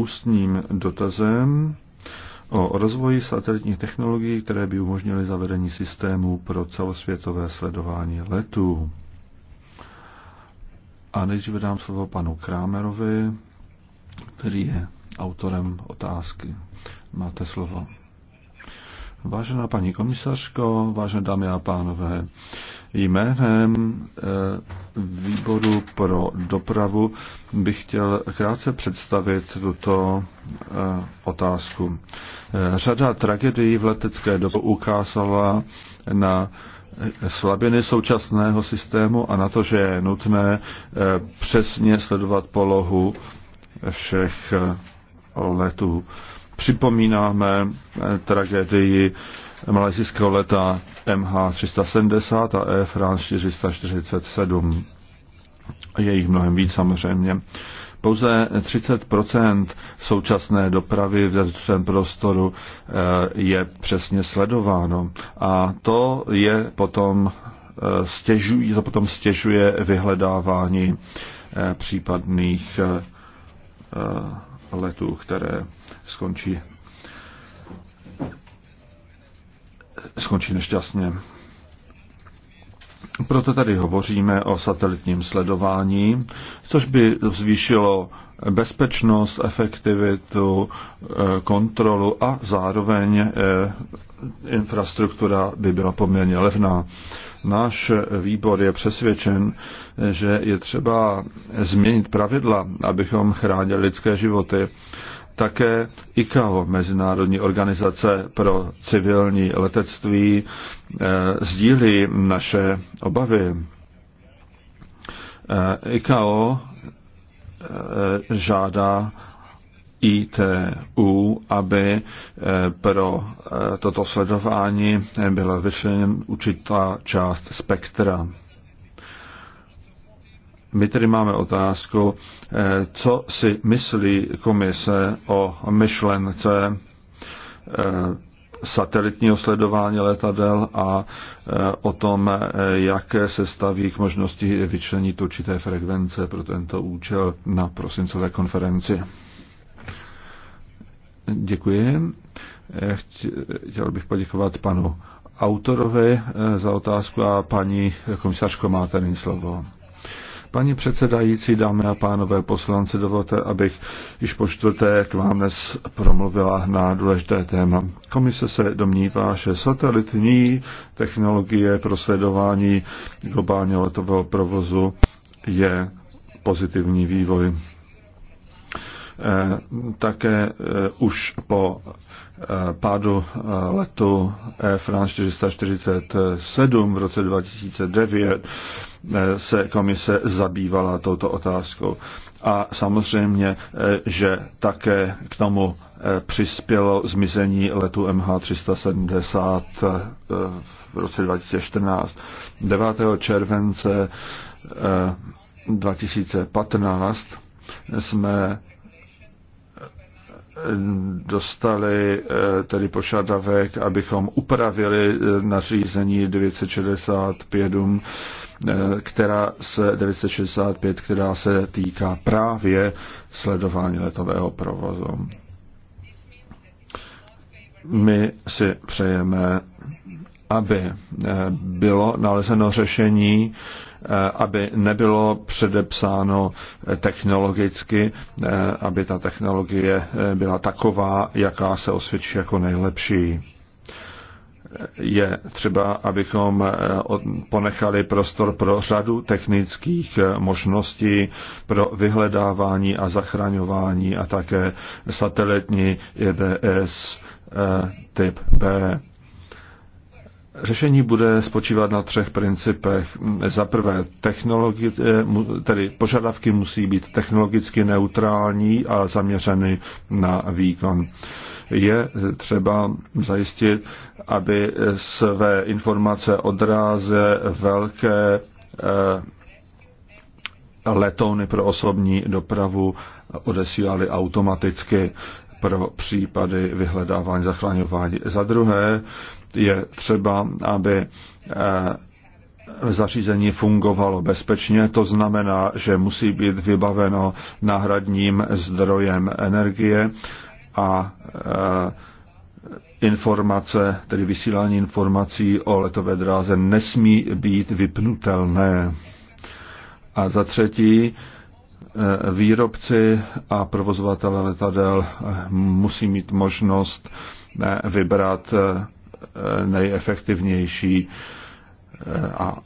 ústním dotazem o rozvoji satelitních technologií, které by umožnily zavedení systému pro celosvětové sledování letů. A nejdříve dám slovo panu Krámerovi, který je autorem otázky. Máte slovo. Vážená paní komisařko, vážené dámy a pánové, Jménem eh, výboru pro dopravu bych chtěl krátce představit tuto eh, otázku. Eh, řada tragedií v letecké době ukázala na slabiny současného systému a na to, že je nutné přesně sledovat polohu všech letů připomínáme eh, tragédii malajzijského leta MH370 a Air France 447. Je jich mnohem víc samozřejmě. Pouze 30 současné dopravy v vzdušném prostoru eh, je přesně sledováno. A to je potom eh, stěžují, to potom stěžuje vyhledávání případných letu, které skončí, skončí nešťastně. Proto tady hovoříme o satelitním sledování, což by zvýšilo bezpečnost, efektivitu, eh, kontrolu a zároveň eh, infrastruktura by byla poměrně levná. Náš výbor je přesvědčen, že je třeba změnit pravidla, abychom chránili lidské životy. Také ICAO, Mezinárodní organizace pro civilní letectví, eh, sdílí naše obavy. Eh, ICAO eh, žádá ITU, aby pro toto sledování byla vyčleněn určitá část spektra. My tedy máme otázku, eh, co si myslí komise o myšlence eh, satelitního sledování letadel a eh, o tom, jak se staví k možnosti vyčlenit určité frekvence pro tento účel na prosincové konferenci. Děkuji. Chtěl bych poděkovat panu autorovi za otázku a paní komisařko máte nyní slovo. Paní předsedající, dámy a pánové poslanci, dovolte, abych již po čtvrté k vám dnes promluvila na důležité téma. Komise se domnívá, že satelitní technologie pro sledování globálního letového provozu je pozitivní vývoj. Eh, také eh, už po eh, pádu letu Air France 447 v roce 2009 se komise zabývala touto otázkou. A samozřejmě, že také k tomu přispělo zmizení letu MH370 v roce 2014. 9. července 2015 jsme dostali eh, tedy požadavek, abychom upravili eh, nařízení 965, eh, která se, 965, která se týká právě sledování letového provozu. My si přejeme, aby eh, bylo nalezeno řešení, eh, aby nebylo předepsáno eh, technologicky, aby ta technologie byla taková, jaká se osvědčí jako nejlepší. Je třeba, abychom ponechali prostor pro řadu technických možností pro vyhledávání a zachraňování a také satelitní IDS typ B Řešení bude spočívat na třech principech. Za prvé, technologi- eh, tedy požadavky musí být technologicky neutrální a zaměřeny na výkon. Je třeba zajistit, aby své informace odráze velké eh, letouny pro osobní dopravu odesílali automaticky pro případy vyhledávání, zachraňování. Za druhé je třeba, aby eh, zařízení fungovalo bezpečně, to znamená, že musí být vybaveno náhradním zdrojem energie a eh, informace, tedy vysílání informací o letové dráze nesmí být vypnutelné. A za třetí, Eh, výrobci a provozovatele letadel eh, musí mít možnost eh, vybrat nejefektivnější a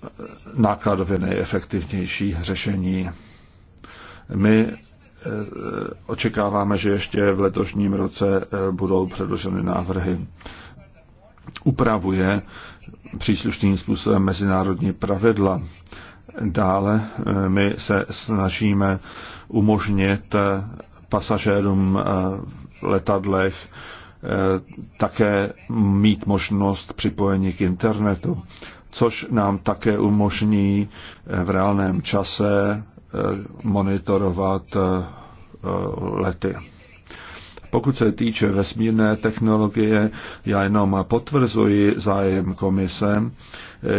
nákladově nejefektivnější řešení. My očekáváme, že ještě v letošním roce budou předloženy návrhy. Upravuje příslušným způsobem mezinárodní pravidla Dále eh, my se snažíme umožnit eh, pasažérům eh, v letadlech také mít možnost připojení k internetu, což nám také umožní v reálném čase monitorovat lety. Pokud se týče vesmírné technologie, já jenom potvrzuji zájem komise,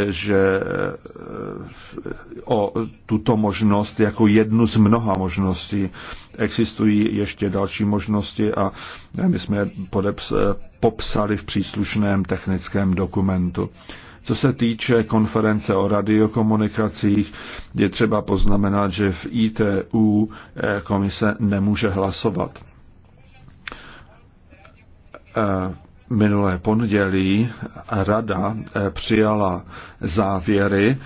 že eh, o tuto možnost jako jednu z mnoha možností existují ještě další možnosti a eh, my jsme podeps- eh, popsali v příslušném technickém dokumentu. Co se týče konference o radiokomunikacích, je třeba poznamenat, že v ITU komise nemůže hlasovat. Eh, minulé pondělí rada eh, přijala závěry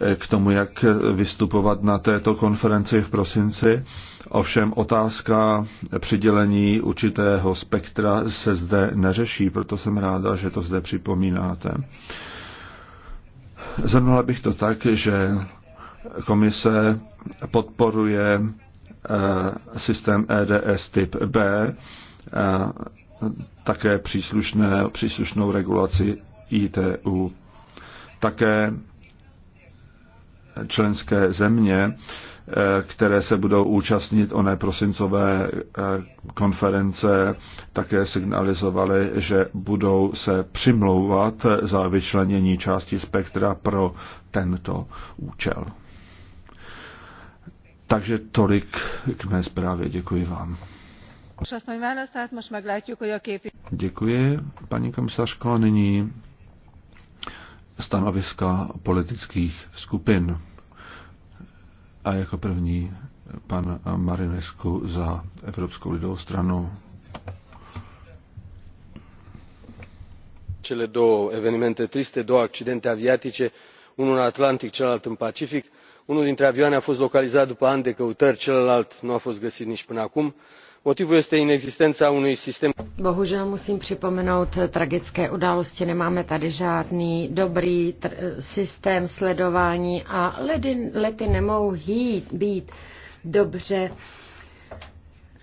eh, k tomu, jak vystupovat na této konferenci v prosinci. Ovšem otázka přidělení určitého spektra se zde neřeší, proto jsem ráda, že to zde připomínáte. Zhrnula bych to tak, že komise podporuje systém EDS typ B, také příslušné, příslušnou regulaci ITU. Také členské země, eh, které se budou účastnit oné prosincové eh, konference, také signalizovaly, že budou se přimlouvat za vyčlenění části spektra pro tento účel. Takže tolik k mé zprávě. Děkuji vám. Děkuji, paní komisařko. Nyní stanoviska politických skupin. A jako první pan Marinescu za Evropskou lidovou stranu. Cele două evenimente triste, două accidente aviatice, unul în Atlantic, celălalt în Pacific. Unul dintre avioane a fost localizat după ani de căutări, celălalt nu a fost găsit nici până acum motivů este inexistența unui systém. Bohužel musím připomenout eh, tragické události. Nemáme tady žádný dobrý eh, systém sledování a ledy, lety nemohou hít, být dobře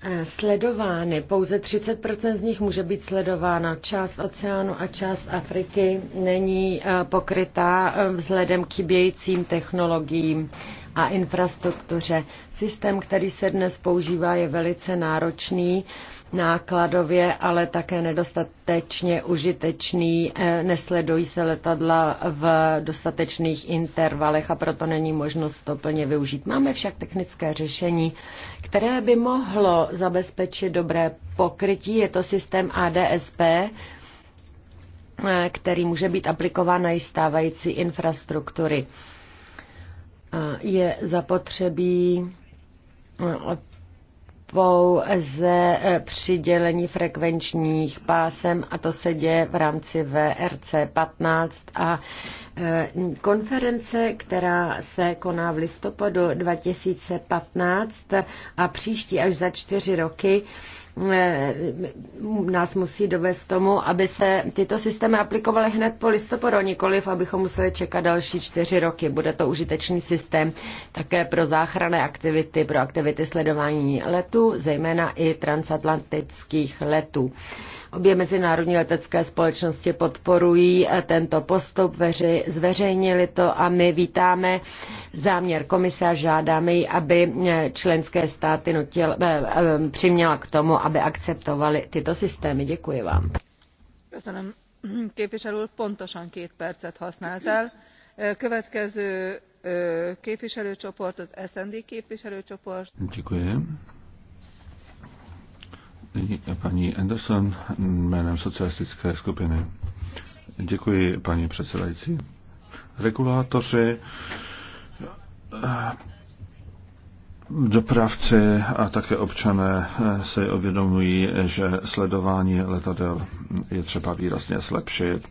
eh, sledovány. Pouze 30% z nich může být sledována. Část oceánu a část Afriky není pokrytá vzhledem k chybějícím technologiím a infrastruktuře. Systém, který se dnes používá, je velice náročný nákladově, ale také nedostatečně užitečný. Eh, nesledují se letadla v dostatečných intervalech a proto není možnost to plně využít. Máme však technické řešení, které by mohlo zabezpečit dobré pokrytí. Je to systém ADSP, eh, který může být aplikován na již stávající infrastruktury je zapotřebí eh, pouze eh, přidělení frekvenčních pásem a to se děje v rámci VRC 15 a Eh, konference, která se koná v listopadu 2015 a příští až za čtyři roky, eh, nás musí dovést tomu, aby se tyto systémy aplikovaly hned po listopadu, nikoliv abychom museli čekat další čtyři roky. Bude to užitečný systém také pro záchranné aktivity, pro aktivity sledování letů, zejména i transatlantických letů. Obě mezinárodní letecké společnosti podporují eh, tento postup veři, vlády, zveřejnili to a my vítáme záměr komise a žádáme ji, aby členské státy nutil, eh, eh, přiměla k tomu, aby akceptovali tyto systémy. Děkuji vám. Köszönöm. Képviselő úr, pontosan két percet használt el. Eh, következő képviselőcsoport az SND képviselőcsoport. Děkuji. Nyní paní Anderson jménem socialistické skupiny. Děkuji, paní předsedající. Regulátoři, dopravci a také občané eh, se uvědomují, že sledování letadel je třeba výrazně zlepšit.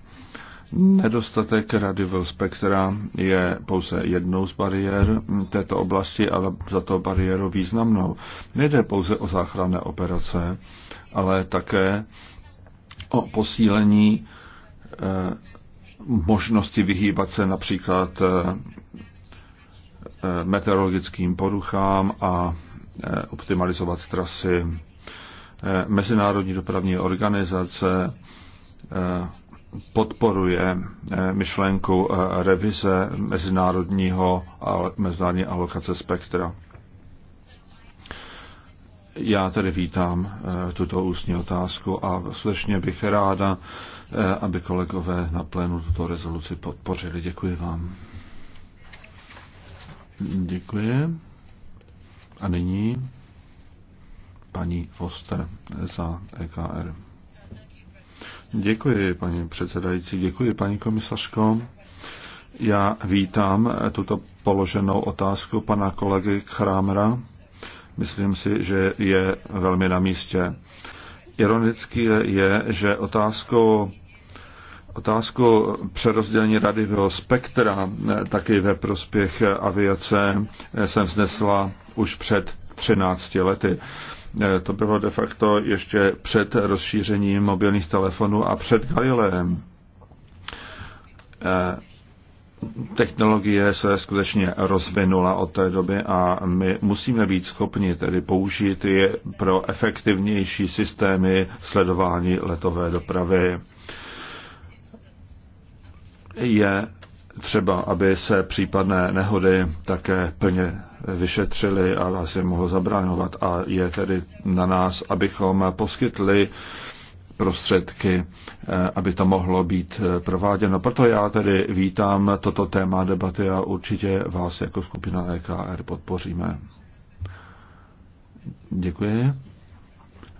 Nedostatek radiového spektra je pouze jednou z bariér této oblasti, ale za to bariéru významnou. Nejde pouze o záchranné operace, ale také o posílení Eh, možnosti vyhýbat se například eh, eh, meteorologickým poruchám a optimalizovat trasy. Mezinárodní dopravní organizace podporuje myšlenku revize mezinárodního, mezinárodní alokace spektra. Já tedy vítám eh, tuto ústní otázku a slušně bych ráda, eh, aby kolegové na plénu tuto rezoluci podpořili. Děkuji vám. Děkuji. A nyní paní Foster za EKR. Děkuji, paní předsedající, děkuji, paní komisařko. Já vítám eh, tuto položenou otázku pana kolegy Chrámera myslím si, že je velmi na místě. Ironický je, že otázkou Otázku přerozdělení radiového spektra eh, taky ve prospěch aviace eh, jsem vznesla už před 13 lety. Eh, to bylo de facto ještě před rozšířením mobilních telefonů a před Galileem technologie se skutečně rozvinula od té doby a my musíme být schopni tedy použít je pro efektivnější systémy sledování letové dopravy. Je třeba, aby se případné nehody také plně vyšetřily a se mohlo zabránovat. A je tedy na nás, abychom poskytli prostředky, eh, aby to mohlo být eh, prováděno. Proto já tedy vítám toto téma debaty a určitě vás jako skupina EKR podpoříme. Děkuji.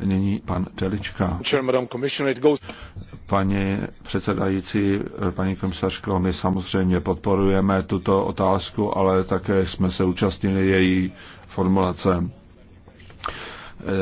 Nyní pan Telička. Paní předsedající, paní komisařko, my samozřejmě podporujeme tuto otázku, ale také jsme se účastnili její formulace.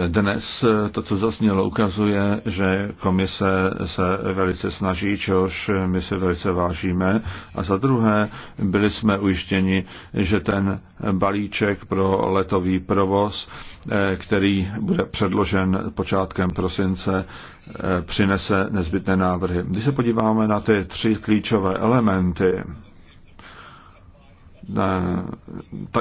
Dnes to, co zaznělo, ukazuje, že komise se velice snaží, čehož my se velice vážíme. A za druhé, byli jsme ujištěni, že ten balíček pro letový provoz, eh, který bude předložen počátkem prosince, eh, přinese nezbytné návrhy. Když se podíváme na ty tři klíčové elementy,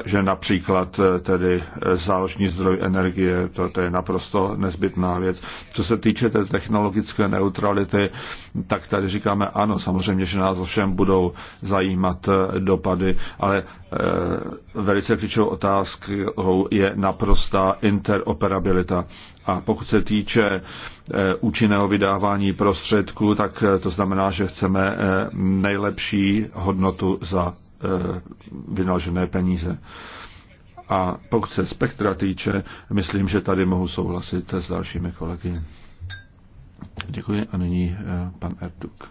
že například eh, tedy eh, záložní zdroj energie, to, to je naprosto nezbytná věc. Co se týče té technologické neutrality, tak tady říkáme ano, samozřejmě, že nás ovšem budou zajímat eh, dopady, ale velice klíčovou otázkou je naprostá interoperabilita. A pokud se týče účinného vydávání prostředků, tak to znamená, že chceme nejlepší hodnotu za Eh, vynaložené peníze. A pokud se spektra týče, myslím, že tady mohu souhlasit s dalšími kolegy. Děkuji a nyní eh, pan Erduk.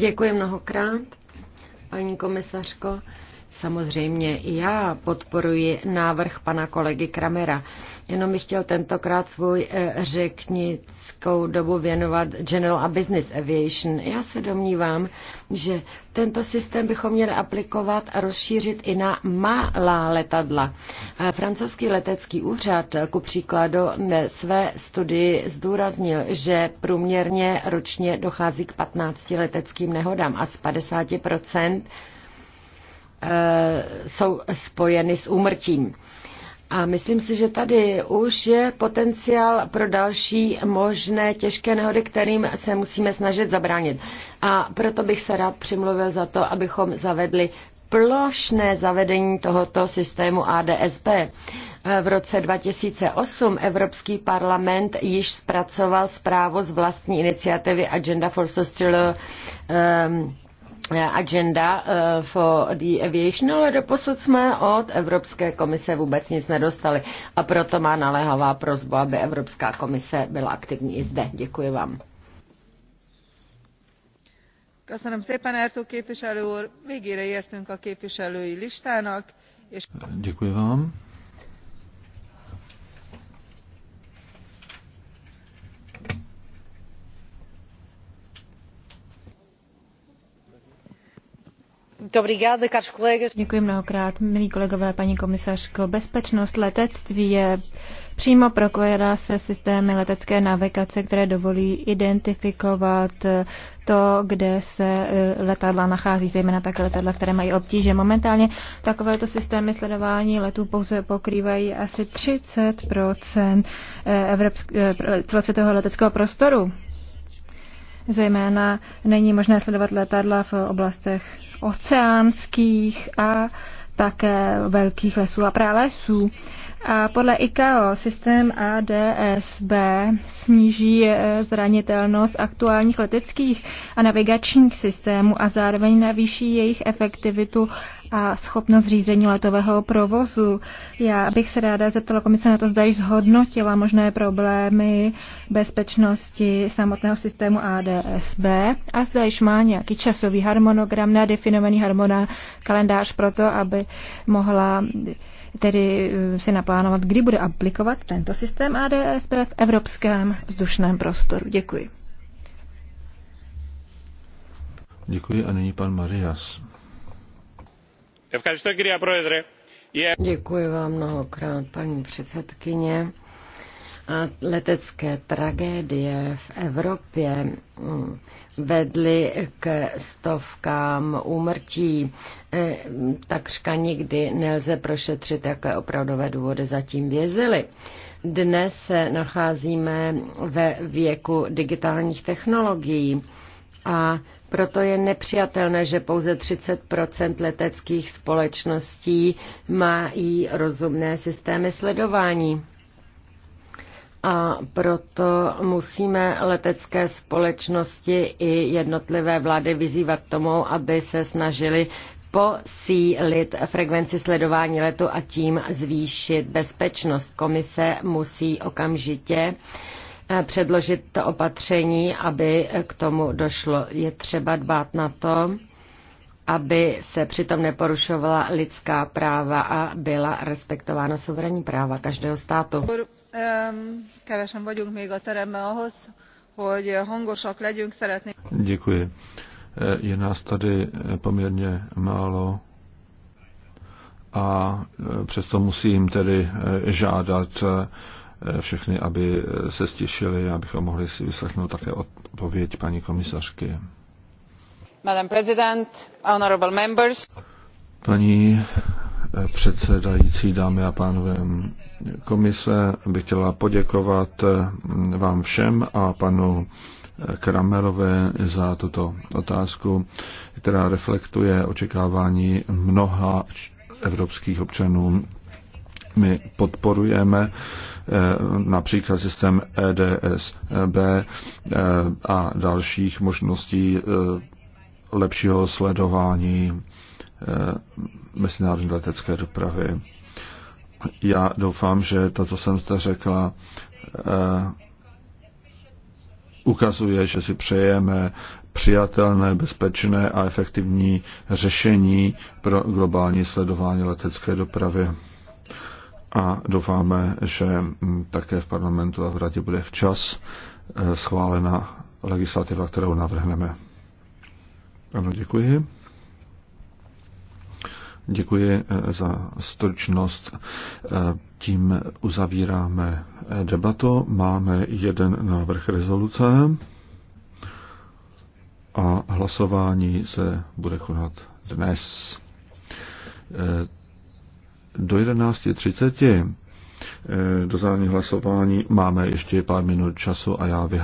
Děkuji mnohokrát, paní komisařko. Samozřejmě já podporuji návrh pana kolegy Kramera. Jenom bych chtěl tentokrát svůj eh, řeknickou dobu věnovat General a Business Aviation. Já se domnívám, že tento systém bychom měli aplikovat a rozšířit i na malá letadla. Eh, francouzský letecký úřad, eh, ku příkladu, ve své studii zdůraznil, že průměrně ročně dochází k 15 leteckým nehodám a z 50 Eh, jsou spojeny s úmrtím. A myslím si, že tady už je potenciál pro další možné těžké nehody, kterým se musíme snažit zabránit. A proto bych se rád přimluvil za to, abychom zavedli plošné zavedení tohoto systému ADSB. Eh, v roce 2008 Evropský parlament již zpracoval zprávu z vlastní iniciativy Agenda for Social um, agenda eh, for the aviation, ale doposud jsme od Evropské komise vůbec nic nedostali. A proto má naléhavá prozba, aby Evropská komise byla aktivní i zde. Děkuji vám. Köszönöm szépen, Ertó képviselő úr. Végére értünk a képviselői listának. És... Děkuji vám. Děkuji mnohokrát, milí kolegové, paní komisařko. Bezpečnost letectví je přímo prokojena se systémy letecké navigace, které dovolí identifikovat to, kde se e, letadla nachází, zejména také letadla, které mají obtíže. Momentálně takovéto systémy sledování letů pouze pokrývají asi 30 e, e, celosvětového leteckého prostoru. Zejména není možné sledovat letadla v oblastech oceánských a také velkých lesů a pralesů. A podle ICAO systém ADSB sníží eh, zranitelnost aktuálních leteckých a navigačních systémů a zároveň navýší jejich efektivitu a schopnost řízení letového provozu. Já bych se ráda zeptala komise na to, zda již zhodnotila možné problémy bezpečnosti samotného systému ADSB a zda již má nějaký časový harmonogram, nedefinovaný harmonogram, kalendář pro to, aby mohla tedy eh, si naplánovat, kdy bude aplikovat tento systém ADSP v evropském vzdušném prostoru. Děkuji. Děkuji a nyní pan Marias. Děkuji vám mnohokrát, paní předsedkyně letecké tragédie v Evropě mm, vedly k stovkám úmrtí. E, takřka nikdy nelze prošetřit, jaké opravdové důvody zatím vězily. Dnes se nacházíme ve věku digitálních technologií a proto je nepřijatelné, že pouze 30 leteckých společností mají rozumné systémy sledování a proto musíme letecké společnosti i jednotlivé vlády vyzývat tomu, aby se snažili posílit frekvenci sledování letu a tím zvýšit bezpečnost. Komise musí okamžitě eh, předložit to opatření, aby k tomu došlo. Je třeba dbát na to, aby se přitom neporušovala lidská práva a byla respektována suverénní práva každého státu. Děkuji. E, je nás tady e, poměrně málo a e, přesto musím tedy žádat všechny, aby se stišili, abychom mohli si vyslechnout také odpověď paní komisařky. Paní eh, předsedající, dámy a pánové, komise bych chtěla poděkovat eh, vám všem a panu eh, Kramerové za tuto otázku, která reflektuje očekávání mnoha evropských občanů. My podporujeme například systém EDSB a dalších možností lepšího sledování eh, mezinárodní letecké dopravy. Já doufám, že to, co jsem zde řekla, eh, ukazuje, že si přejeme přijatelné, bezpečné a efektivní řešení pro globální sledování letecké dopravy. A doufáme, že hm, také v parlamentu a v radě bude včas eh, schválena legislativa, kterou navrhneme. Ano, děkuji. Děkuji eh, za stručnost. Eh, tím uzavíráme eh, debatu. Máme jeden návrh rezoluce a hlasování se bude konat dnes. Do 11.30 do zání hlasování máme ještě pár minut času a já vyhlásím.